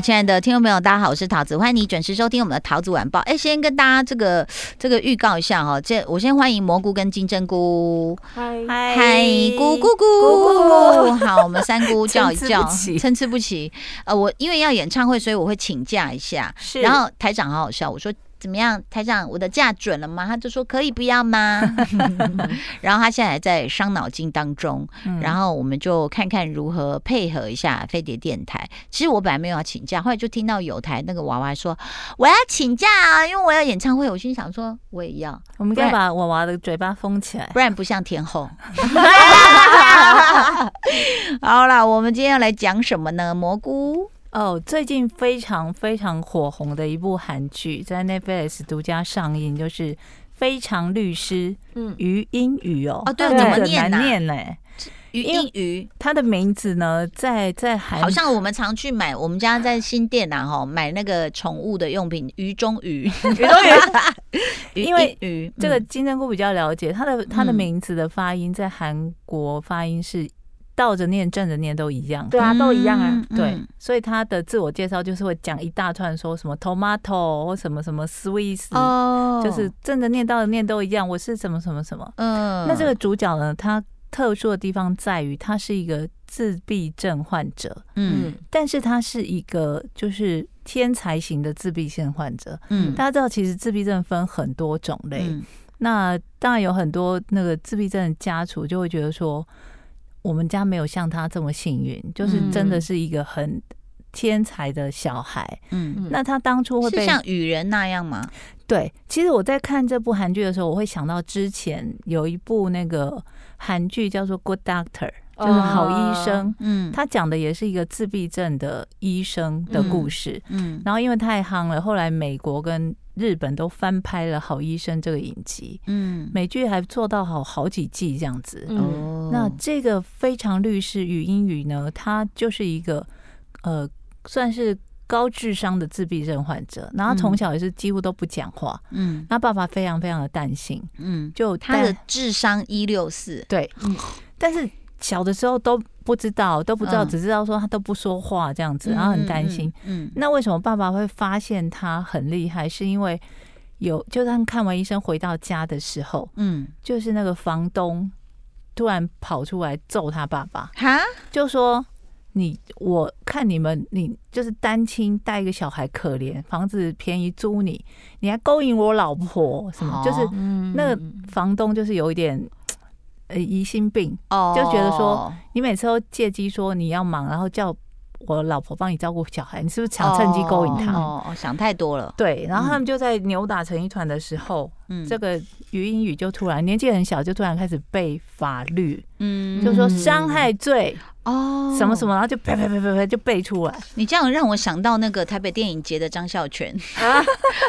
親愛的聽眾朋友，大家好，我是陶子，歡迎你準時收聽我們的陶子晚報。哎，先跟大家這個這個預告一下哈、哦，這我先歡迎蘑菇跟金針菇，嗨嗨 Hi，姑姑姑姑，咕咕好，我們三姑叫一叫，參差 不齊。呃，我因為要演唱會，所以我會請假一下，是。然後台長好好笑，我說。怎麼樣，台長，我的假准了嗎？他就說可以不要嗎？ 然後他現在還在傷腦筋當中，嗯、然後我們就看看如何配合一下飛碟電台。其實我本來沒有要請假，後來就聽到友台那個娃娃說我要請假，啊，因為我要演唱會。我心想說我也要，我們該把娃娃的嘴巴封起來，不然不像天後。 好啦，我們今天要來講什麼呢？蘑菇。哦，最近非常非常火紅的一部韓劇在 Netflix 獨家上映，就是《非常律師》。嗯，禹英禑哦，哦，對，對吧怎麼念呢、啊？難念禹英禑，它的名字呢，在在韓，好像我們常去買，我們家在新店啊，哈、啊，買那個寵物的用品，魚中魚，魚中魚，因為這個金針菇比較了解，它的它的名字的發音在韓國發音是。倒着念、正着念都一樣。對啊，都一樣啊。嗯嗯、對，所以他的自我介紹就是會講一大串，說什麼 tomato 或什麼什麼 Swiss，哦、就是正着念、倒着念都一樣。我是什麼什麼什麼。嗯。那這個主角呢？他特殊的地方在於，他是一個自閉症患者。嗯。但是他是一個就是天才型的自閉症患者。嗯。大家知道，其實自閉症分很多種類。嗯、那當然有很多那個自閉症的家屬就會覺得說。我們家沒有像他這麼幸運，就是真的是一個很天才的小孩。嗯，那他當初會被像雨人那樣嗎？對，其實我在看這部韓劇的時候，我會想到之前有一部那個韓劇叫做《Good Doctor》，就是《好醫生》哦。嗯，他講的也是一個自閉症的醫生的故事。嗯，嗯然後因為太夯了，後來美國跟日本都翻拍了《好醫生》這個影集，嗯，美劇還做到好好幾季這樣子。哦、嗯，那這個《非常律師禹英禑》呢，他就是一個呃，算是高智商的自閉症患者，然後從小也是幾乎都不講話，嗯，那爸爸非常非常的擔心，嗯，就他，他的智商一六四，對，嗯，但是。小的時候都不知道，都不知道，只知道說他都不說話這樣子，嗯、然後很擔心嗯。嗯，那為什麼爸爸會發現他很厲害？是因為有，就當看完醫生回到家的時候，嗯，就是那個房東突然跑出來揍他爸爸，哈，就說你，我看你們，你就是單親帶一個小孩可憐，房子便宜租你，你還勾引我老婆，什麼？好就是那個房東就是有一點。疑心病，就覺得說你每次都借機說你要忙，然後叫我老婆幫你照顧小孩，你是不是想趁機勾引他？哦？想太多了。對，然後他們就在扭打成一團的時候，嗯、這個禹英禑就突然年紀很小就突然開始背法律，嗯、就說傷害罪。哦，什麼什麼，然後就啪啪啪啪就背出來。你這樣讓我想到那個台北電影節的張孝全，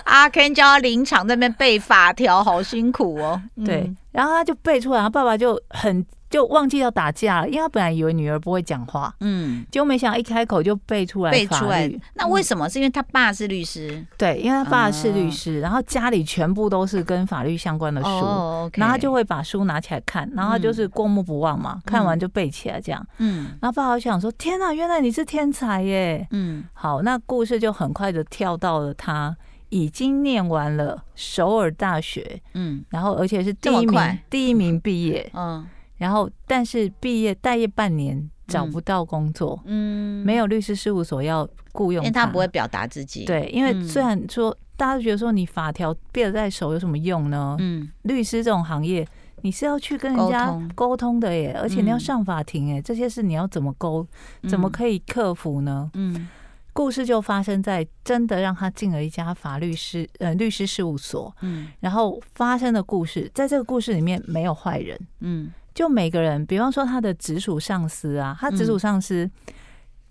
阿 Ken 教臨場在那邊背法條，好辛苦哦。 對，然後他就背出來，爸爸就很。就忘記要打架了，因為他本來以為女兒不會講話，嗯，就沒想到一開口就背出來法律。那為什麼？是因為他爸是律師，對，因為他爸是律師，然後家裡全部都是跟法律相關的書，然後他就會把書拿起來看，然後就是過目不忘嘛，看完就背起來這樣。嗯，然後爸爸想說：“天哪，原來你是天才耶！”嗯，好，那故事就很快的跳到了他已經念完了首爾大學，嗯，然後而且是第一名，第一名畢業，嗯。然後，但是畢業待業半年，找不到工作，嗯，嗯，沒有律師事務所要僱傭他，因為他不會表達自己。對，因為雖然說、嗯、大家覺得說你法條背在手有什麼用呢？嗯，律師這種行業，你是要去跟人家溝通的耶，溝通、而且你要上法庭耶，哎、嗯，這些事你要怎麼溝，怎麼可以克服呢？嗯，嗯，故事就發生在真的讓他進了一家法律師呃律師事務所，嗯，然後發生的故事，在這個故事裡面沒有壞人，嗯。就每個人，比方說他的直屬上司啊，他直屬上司，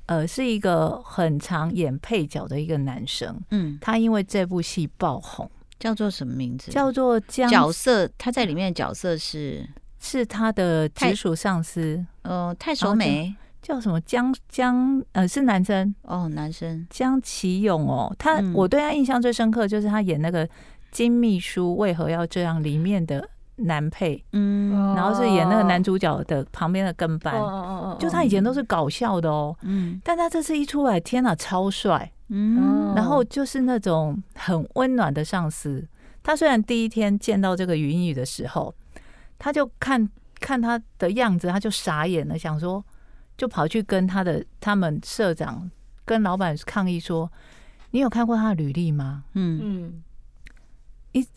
嗯、呃，是一個很常演配角的一個男生。嗯，他因為這部戲爆紅，叫做什麼名字？叫做姜角色，他在裡面的角色是是他的直屬上司。呃，太守美叫什麼姜？姜姜呃是男生哦，男生姜其永哦，他、嗯、我對他印象最深刻就是他演那個金秘書為何要這樣裡面的。男配，嗯，然後是演那個男主角的旁邊的跟班，哦，就他以前都是搞笑的哦，嗯，但他這次一出來，天吶，超帥，嗯，然後就是那種很溫暖的上司。他雖然第一天見到這個禹英禑的時候，他就看看他的樣子，他就傻眼了，想說就跑去跟他的他們社長跟老闆抗議說，你有看過他的履歷嗎？嗯嗯。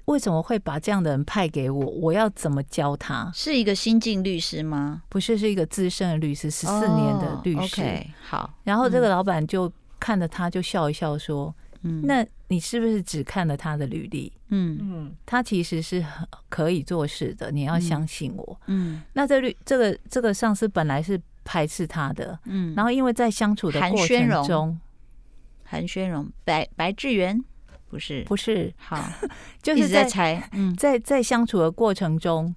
為什麼會把這樣的人派給我？我要怎麼教他？是一個新進律師嗎？不是，是一個資深的律師，十四年的律師。Oh, okay. 好。然後這個老板就看着他，就笑一笑說：“嗯，那你是不是只看了他的履歷？嗯，他其實是可以做事的，你要相信我。嗯，那這律這個這個上司本來是排斥他的，嗯，然後因為在相處的過程中，韓宣榮，白白志源……不是不是好， 就是在才在、嗯、在，在相處的過程中，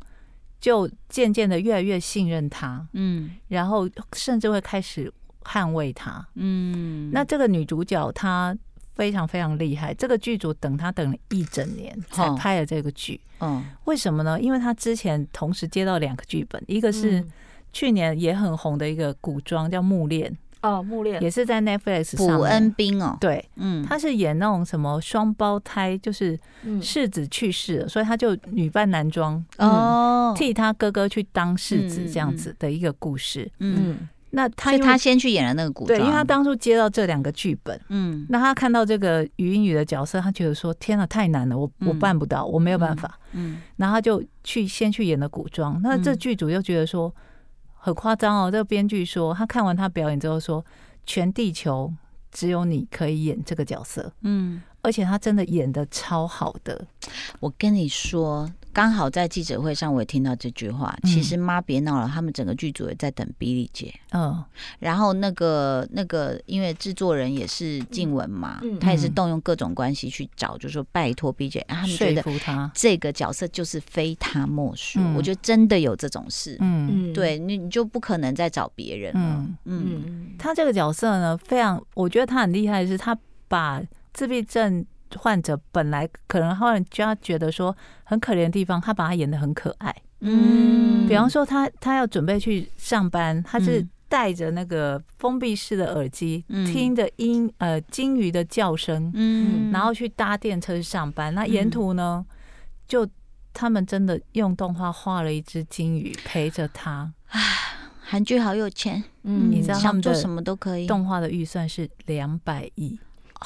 就漸漸的越來越信任他，嗯，然後甚至會開始捍衛他，嗯。那這個女主角她非常非常厲害，這個劇組等她等了一整年才拍了這個劇，嗯，嗯。為什麼呢？因為她之前同時接到兩個劇本，一個是去年也很紅的一個古裝叫木《木戀》。哦，木烈，也是在 Netflix 上。朴恩斌哦，對，嗯，他是演那種什麼雙胞胎，就是世子去世了，所以他就女扮男裝，哦，替他哥哥去當世子這樣子的一個故事。嗯，那他他先去演了那個古裝，對，因為他當初接到這兩個劇本，嗯，那他看到這個禹英禑的角色，他覺得說天啊，太難了，我我辦不到，我沒有辦法，嗯，然後他就去先去演了古裝，那這劇組又覺得說。很誇張哦！這個編劇說，他看完他表演之後說，全地球只有你可以演這個角色，嗯，而且他真的演得超好的。我跟你說。剛好在記者會上，我也聽到這句話。其實媽別鬧了，嗯、他們整個劇組也在等比莉姐。嗯、哦，然後那個那個，因為製作人也是靜雯嘛，嗯嗯、他也是動用各種關係去找，就是、說拜託比莉姐、啊，他們覺得這個角色就是非他莫屬。我覺得真的有這種事。嗯，對你你就不可能再找別人了。嗯嗯，嗯嗯他這個角色呢，非常我覺得他很厲害，是他把自閉症。患者本來可能，後來就要覺得說很可憐的地方，他把他演得很可愛。嗯，比方說他他要準備去上班，他是戴着那個封閉式的耳機，嗯、聽着音呃鯨魚的叫聲，嗯、然後去搭電車去上班。嗯、那沿途呢，嗯、就他們真的用動畫畫了一隻鯨魚陪着他。唉，韓劇好有錢。嗯，你知道他們做什麼都可以。動畫的預算是兩百億。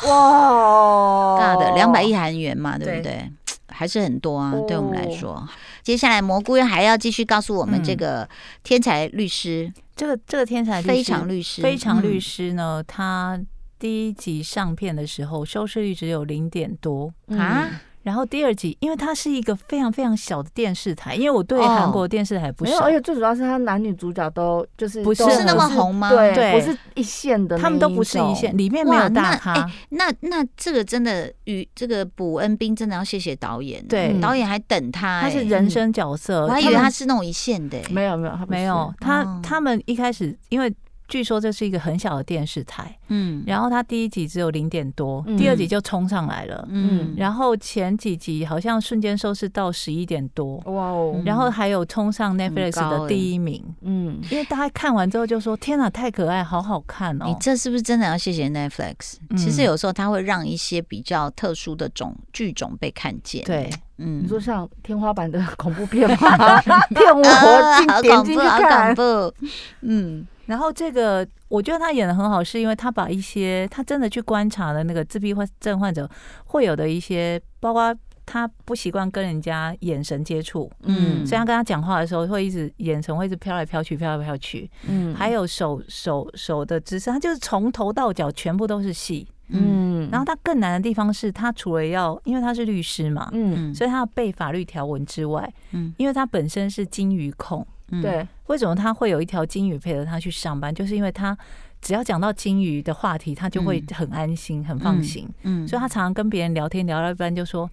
哇、哦，大的兩百億韓元嘛，對不對？對，還是很多啊，對我們來說。哦、接下來，蘑菇要還要繼續告訴我們這個天才律師，嗯、這個這個天才律師非常律師非常律師呢？嗯、他第一集上片的時候，收視率只有零點多、嗯、啊。然後第二集，因為它是一個非常非常小的電視台，因為我對韓國電視台不熟，沒有，而且最主要是他男女主角都就是不是那麼紅嗎？對，不是一線的，他們都不是一線，裡面沒有大咖。那那這個真的與這個朴恩斌真的要謝謝導演，對，導演還等他，他是人生角色，我還以為他是那種一線的，沒有沒有沒有他，他們一開始因為。據說這是一個很小的電視台，嗯，然後它第一集只有零點多，第二集就衝上來了，嗯，然後前幾集好像瞬間收視到十一點多，哇哦，然後還有衝上 Netflix 的第一名，嗯，因為大家看完之後就說：“天哪，太可愛，好好看哦！”你這是不是真的要謝謝 Netflix？其實有時候它會讓一些比較特殊的種劇種被看見，對，嗯，你說像天花板的恐怖片嗎？騙我點進去看，好恐怖，好恐怖，嗯。然後這個，我覺得他演的很好，是因為他把一些他真的去觀察的那個自閉症患者會有的一些，包括他不習慣跟人家眼神接觸，嗯，所以他跟他講話的時候會一直眼神會一直飄來飄去，飄來飄去，嗯，還有手手手的姿勢，他就是從頭到腳全部都是戲，嗯，然後他更難的地方是他除了要因為他是律師嘛，嗯，所以他要背法律條文之外，嗯，因為他本身是金魚控。對，為什麼他會有一條鯨魚陪着他去上班？就是因為他只要講到鯨魚的話題，他就會很安心，嗯、很放心，嗯。嗯，所以他常常跟別人聊天，聊到一半就說：“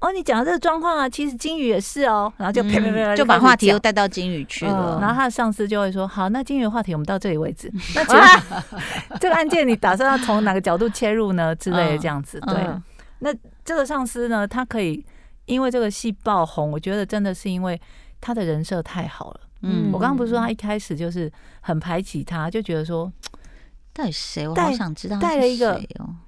哦，你講的這個狀況啊，其實鯨魚也是哦。”然後就啪啪啪就把話題又帶到鯨魚去了，呃。然後他的上司就會說：“好，那鯨魚的話題我們到這裡為止。 那”那這個這個案件你打算要從哪個角度切入呢？之類的這樣子。對，嗯嗯、那這個上司呢，他可以因為這個戲爆紅，我覺得真的是因為他的人設太好了。嗯，我剛剛不是說他一開始就是很排擠他，就覺得說到底誰？我好想知道誰、哦、帶了一個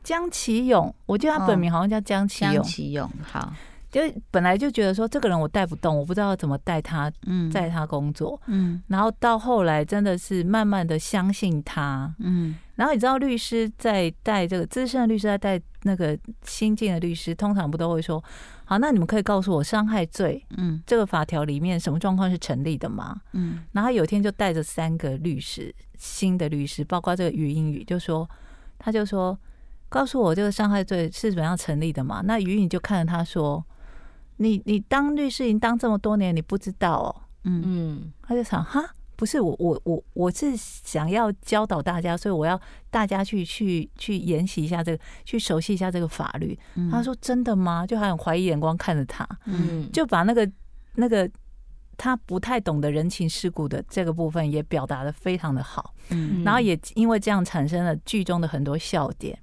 姜其永，我記得他本名好像叫姜其、嗯、姜其永。好，就本來就覺得說這個人我帶不動，我不知道怎麼帶他。嗯，在他工作。嗯，嗯然後到後來真的是慢慢的相信他。嗯，然後你知道律師在帶這個資深的律師在帶那個新進的律師，通常不都會說。好，那你們可以告訴我傷害罪，嗯，這個法條裡面什麼狀況是成立的嗎？嗯，然後有一天就帶着三個律師，新的律師，包括這個禹英禑，就說，他就說，告訴我這個傷害罪是怎麼樣成立的嘛？那禹英禑就看着他說，你你當律師已經當這麼多年，你不知道哦？嗯嗯，他就想哈。不是我，我我我是想要教導大家，所以我要大家去去去研習一下這個，去熟悉一下這個法律。他說：“真的嗎？”就還很懷疑眼光看着他，嗯，就把那個那個他不太懂得人情世故的這個部分也表達的非常的好。嗯，然後也因為這樣產生了劇中的很多笑點。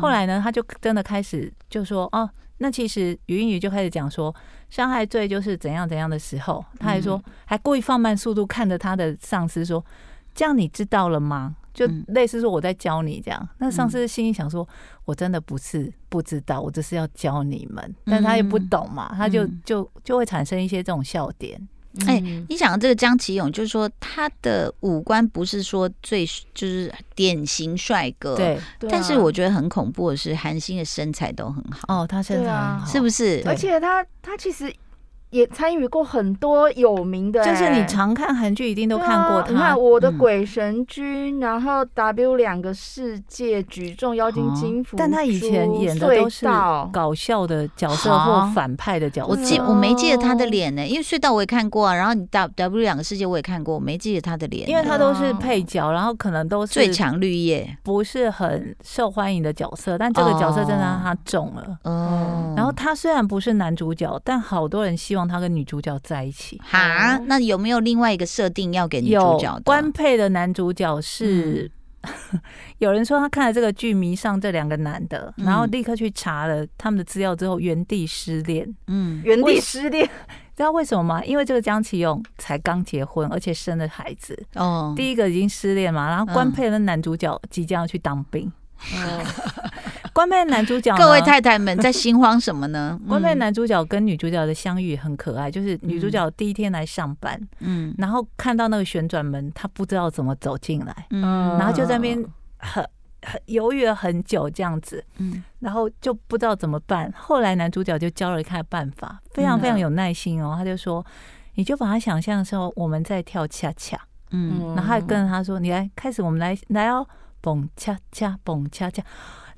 後來呢，他就真的開始就說：“哦、啊，那其實語音語就開始講說傷害罪就是怎樣怎樣的時候，他還說還故意放慢速度看着他的上司說，這樣你知道了嗎？就類似說我在教你這樣。那上司心裡想說，我真的不是不知道，我這是要教你們，但他也不懂嘛，他就就就會產生一些這種笑點。”哎、嗯，欸，你想到這個姜其永，就是說他的五官不是說最就是典型帥哥，對，對啊，但是我覺得很恐怖的是韓星的身材都很好哦，他身材很好，啊，是不是？對而且他他其實。也參與過很多有名的，欸，就是你常看韓劇，一定都看過他，啊。你看《我的鬼神君》，嗯，然後《W 兩個世界》，《舉重妖精金福珠》，哦。但他以前演的都是搞笑的角色或反派的角色。哦，我記我沒記得他的臉呢，欸，因為《隧道》我也看過啊，然後《W 兩個世界》我也看過，我沒記得他的臉，啊，因為他都是配角，然後可能都是最強綠葉，不是很受歡迎的角色。但這個角色真的讓他中了，嗯，哦。哦，然後他雖然不是男主角，但好多人希望。他跟女主角在一起哈？那有沒有另外一個設定要給女主角？官配的男主角是、嗯、 有人說他看了這個劇迷上這兩個男的，嗯、然後立刻去查了他們的資料之後，原地失戀。嗯，我原地失戀，知道為什麼嗎？因為這個姜其永才剛結婚，而且生了孩子哦，第一個已經失戀嘛，然後官配的男主角即將要去當兵。嗯嗯 關麥男主角，各位太太們在心慌什麼呢？關麥男主角跟女主角的相遇很可愛，就是女主角第一天來上班，嗯，然後看到那個旋轉門，她不知道怎麼走進來，嗯，然後就在那邊很很猶豫了很久這樣子，嗯，然後就不知道怎麼辦。後來男主角就教了一套辦法，非常非常有耐心哦，他就說：“你就把他想象成我們在跳恰恰，嗯，然後還跟着他說：‘你來開始，我們來來哦、喔，蹦恰恰，蹦恰恰。’”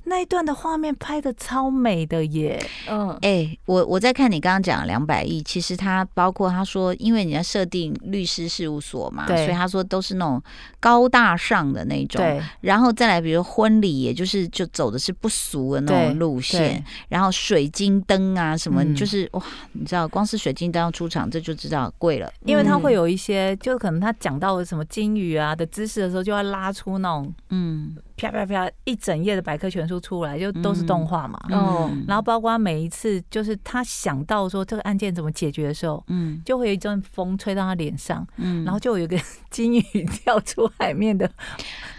那一段的畫面拍得超美的耶！嗯，哎、欸，我我在看你剛剛講兩百億，其實他包括他說，因為你要設定律師事務所嘛，對所以他說都是那種高大上的那種，對然後再來，比如婚禮，也就是就走的是不俗的那種路線，然後水晶燈啊什麼，就是、嗯、哇，你知道，光是水晶燈要出場，這就知道貴了，因為他會有一些，就可能他講到了什麼金魚啊的知識的時候，就會拉出那種嗯。啪啪啪！一整頁的百科全書出來，就都是動畫嘛。哦，然後包括每一次，就是他想到說這個案件怎麼解決的時候，嗯，就會有一陣風吹到他臉上，嗯，然後就有一個金魚跳出海面的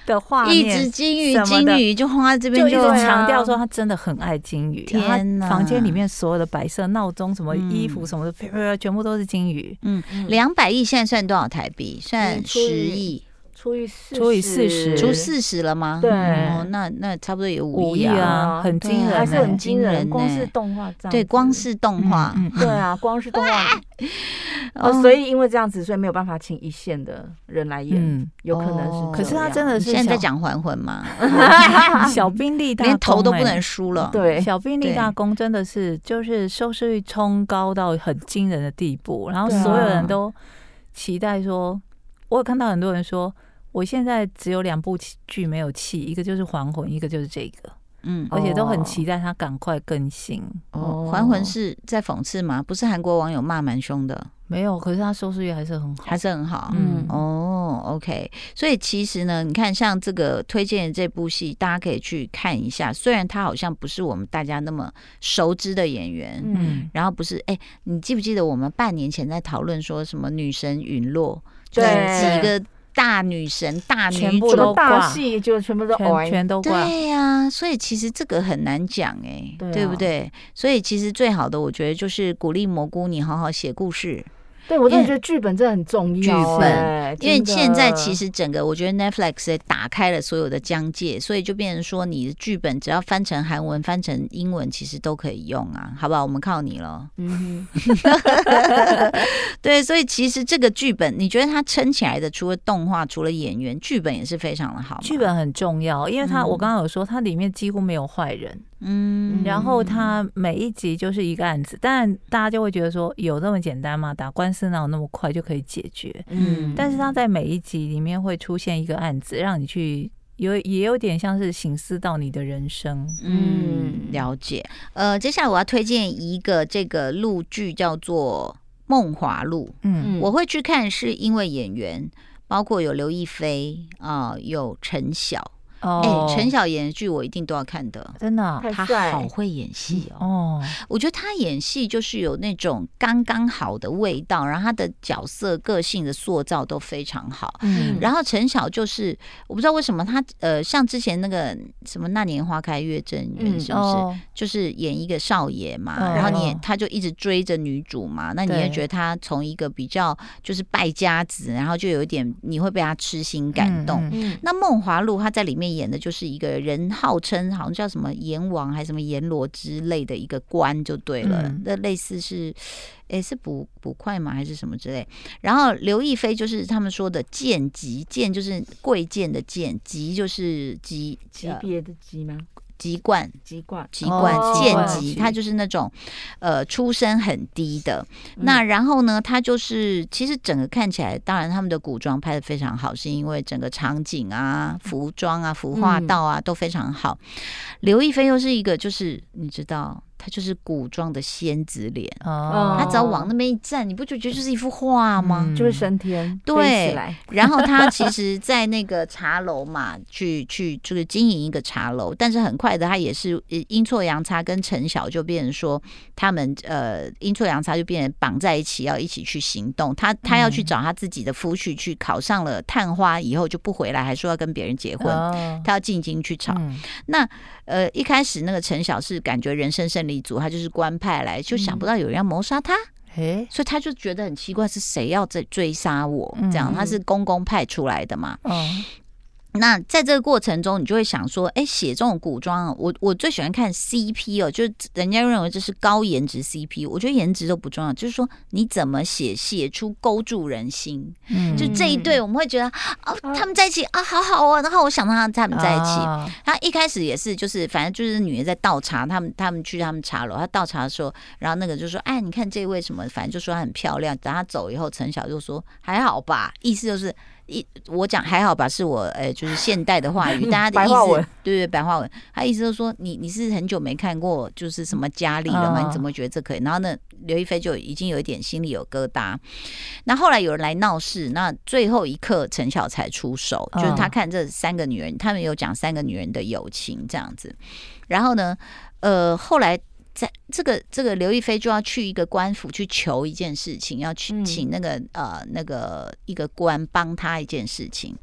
的畫面，一隻金魚，什麼金魚就轟在這邊，啊、就一直強調說他真的很愛金魚。天吶，房間裡面所有的白色鬧鐘、什麼衣服什麼的，全部都是金魚。嗯，兩百億現在算多少台幣？算十億。除以四，除以四十，除四十了嗎？對，那那差不多有五億啊，很驚人，還是很驚人。光是動畫，對，光是動畫，對啊，光是動畫。哦，所以因為這樣子，所以沒有辦法請一線的人來演，有可能是。可是他真的是現在講還魂嗎？小兵立大功，連頭都不能輸了，對，小兵立大功真的是就是收視率衝高到很驚人的地步，然後所有人都期待說，我有看到很多人說。我現在只有兩部劇沒有棄，一個就是《還魂》，一個就是這個，嗯，而且都很期待他趕快更新。哦，《還魂》是在諷刺嗎？不是韓國網友罵蠻凶的，沒有，可是它收視率還是很好，還是很好。嗯，哦，OK。所以其實呢，你看像這個推薦的這部戲，大家可以去看一下。雖然他好像不是我們大家那麼熟知的演員，嗯，然後不是哎、欸，你記不記得我們半年前在討論說什麼女神隕落，對，就是幾個。大女神，大女主的大戲，全部都掛，就全部都掛，全全都對呀、啊。所以其實這個很難講誒、欸，對，啊、對不對？所以其實最好的，我覺得就是鼓勵蘑菇，你好好寫故事。對，我真的覺得劇本真的很重要、欸。劇本，的因為現在其實整個，我覺得 Netflix 也打開了所有的疆界，所以就變成說，你的劇本只要翻成韓文、翻成英文，其實都可以用啊，好不好？我們靠你咯。嗯， 對，所以其實這個劇本，你覺得它撐起來的，除了動畫，除了演員，劇本也是非常的好。劇本很重要，因為它我剛剛有說，它裡面幾乎沒有壞人。嗯，然後他每一集就是一個案子，但大家就會覺得說，有這麼簡單嗎？打官司哪有那麼快就可以解決？嗯，但是他在每一集裡面會出現一個案子，讓你去有也有點像是省思到你的人生。嗯，了解。呃，接下來我要推薦一個這個陸劇叫做《夢華錄》。嗯，我會去看，是因為演員包括有劉亦菲啊、呃，有陳曉。陳、oh, 欸、曉演的劇我一定都要看的，真的，哦，他好會演戲哦。Oh, 我覺得他演戲就是有那種剛剛好的味道，然後他的角色個性的塑造都非常好。嗯，然後陳曉就是我不知道為什麼他呃，像之前那個什麼《那年花開月正圓》嗯，是不是？oh, 就是演一個少爺嘛？Oh. 然後你也他就一直追着女主嘛，那你也覺得他從一個比較就是敗家子，對然後就有一點你會被他痴心感動。嗯嗯嗯，那《夢華錄》他在裡面，演的就是一個人，號稱好像叫什麼閻王還是什麼閻羅之類的一個官就對了，嗯、那類似是，誒、欸，是捕捕快嗎？還是什麼之類？然後劉亦菲就是他們說的賤級，賤就是貴賤的賤，級就是、呃、級級別的級嗎？籍貫，籍貫，賤籍，他就是那種，嗯、呃，出身很低的。那然後呢，他就是其實整個看起來，當然他們的古裝拍得非常好，是因為整個場景啊、服裝啊、服化道啊都非常好。嗯、劉亦菲又是一個，就是你知道。他就是古裝的仙子臉哦，她只要往那邊一站，你不就覺得就是一幅畫嗎、嗯？就是升天，對，然後他其實，在那個茶樓嘛， 去去就是經營一個茶樓，但是很快的，他也是陰錯陽差跟陳曉就變成說，他們呃陰錯陽差就變成綁在一起，要一起去行動。他他要去找他自己的夫婿，嗯、去考上了探花以後就不回來，還說要跟別人結婚，他、哦、要進京去吵、嗯、那呃，一開始那個陳曉是感覺人生勝利組，他就是官派來，就想不到有人要謀殺他，嗯、所以他就覺得很奇怪，是誰要在追殺我？嗯、這樣，他是公公派出來的嘛？嗯那在這個過程中，你就會想說，哎、欸，寫這種古裝啊，我我最喜歡看 CP 哦、喔，就是人家認為這是高顏值 CP，我覺得顏值都不重要，就是說你怎麼寫寫出勾住人心，嗯、就這一對我們會覺得哦，他們在一起啊、哦，好好哦、啊。然後我想到他，他們在一起。啊、他一開始也是，就是反正就是女人在倒茶，他們他們去他們茶樓，他倒茶的時候，然後那個就說，哎，你看這位什麼，反正就說她很漂亮。等他走以後，陳曉就說還好吧，意思就是。一我講還好吧，是我呃、哎，就是現代的話語，大家的意思 白話文，對對，對，白話文，他意思就是說，你你是很久沒看過就是什麼佳麗了嗎？嗯、你怎麼覺得這可以？然後呢，劉亦菲就已經有一點心裡有疙瘩。那後來有人來鬧事，那最後一刻陳曉才出手，就是他看這三個女人，他們有講三個女人的友情這樣子。然後呢，呃，後來。在這個這個劉亦菲就要去一個官府，去求一件事情，要去請那個、嗯、呃那個一個官幫他一件事情。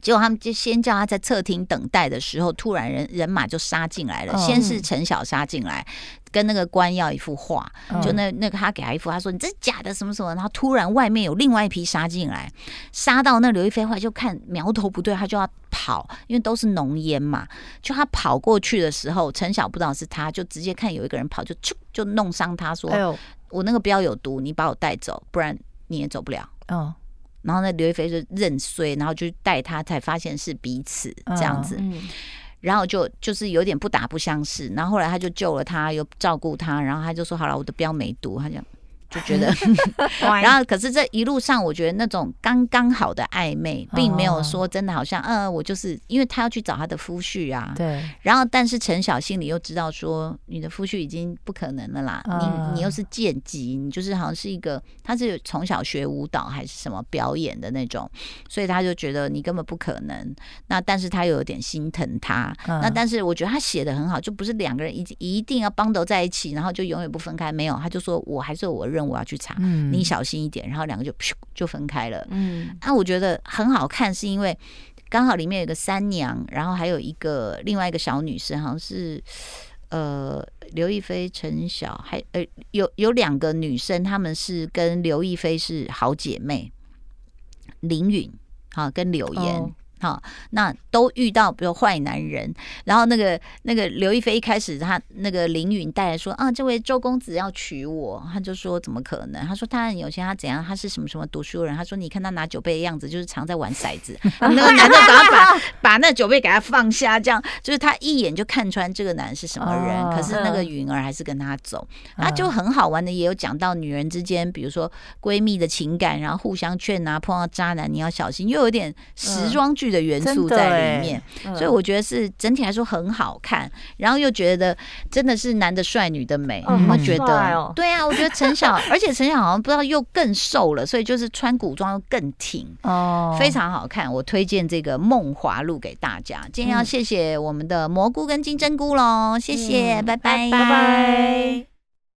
結果他們就先叫他在側廳等待的時候，突然人人馬就殺進來了。嗯、先是陳曉殺進來，跟那個官要一幅畫，就那那個他給他一幅，他說你這是假的什麼什麼。然後突然外面有另外一批殺進來，殺到那劉亦菲，後來就看苗頭不對，他就要跑，因為都是濃煙嘛。就他跑過去的時候，陳曉不知道是他，就直接看有一個人跑，就就弄傷他說，哎、呦我那個鏢有毒，你把我帶走，不然你也走不了。哦。’然後那劉亦菲就認衰，然後就帶他，才發現是彼此這樣子，哦嗯、然後就就是有點不打不相識，然後後來他就救了他，又照顧他，然後他就說：“好了，我都不要美杜。”他講。 就覺得， 然後可是這一路上，我覺得那種剛剛好的曖昧，並沒有說真的好像，嗯，我就是因為他要去找他的夫婿啊，對。然後，但是陳曉心裡又知道說，你的夫婿已經不可能了啦，你你又是賤籍，你就是好像是一個，他是從小學舞蹈還是什麼表演的那種，所以他就覺得你根本不可能。那但是他又有點心疼他，那但是我覺得他寫得很好，就不是兩個人一定一定要綁到在一起，然後就永遠不分開，沒有，他就說我還是我認。我要去查，你小心一點，然後兩個就就分開了。嗯，那、啊、我覺得很好看，是因為剛好裡面有一個三娘，然後還有一個另外一個小女生，好像是呃劉亦菲、陳曉，還呃有有兩個女生，她們是跟劉亦菲是好姐妹，林允啊跟柳岩。哦好、哦，那都遇到比如壞男人，然後那個那個劉亦菲一開始她那個林允帶來說啊，這位周公子要娶我，她就說怎麼可能？她說他很有錢，他怎樣？他是什麼什麼讀書人？她說你看他拿酒杯的樣子，就是常在玩骰子。 那個男的把他 把把那酒杯給他放下，這樣就是他一眼就看穿這個男人是什麼人。哦、可是那個允兒還是跟他走，他就很好玩的，也有講到女人之間，比如說閨蜜的情感，然後互相勸啊，碰到渣男你要小心，又有點時裝劇。的元素在裡面，欸、所以我覺得是整體來說很好看，嗯、然後又覺得真的是男的帥，女的美，你們、嗯嗯、覺得？哦、對啊，我覺得陳曉， 而且陳曉好像不知道又更瘦了，所以就是穿古裝更挺哦，非常好看。我推薦這個《夢華錄》給大家。今天要謝謝我們的蘑菇跟金針菇嘍，謝謝，嗯、拜拜，拜拜。